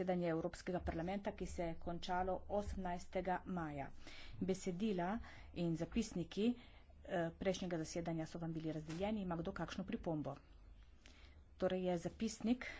zasedanje Evropskega parlamenta, ki se je končalo 18. maja. Besedila in zapisniki eh, prejšnjega zasedanja so vam bili razdeljeni. Ima kdo kakšno pripombo? Torej je zapisnik.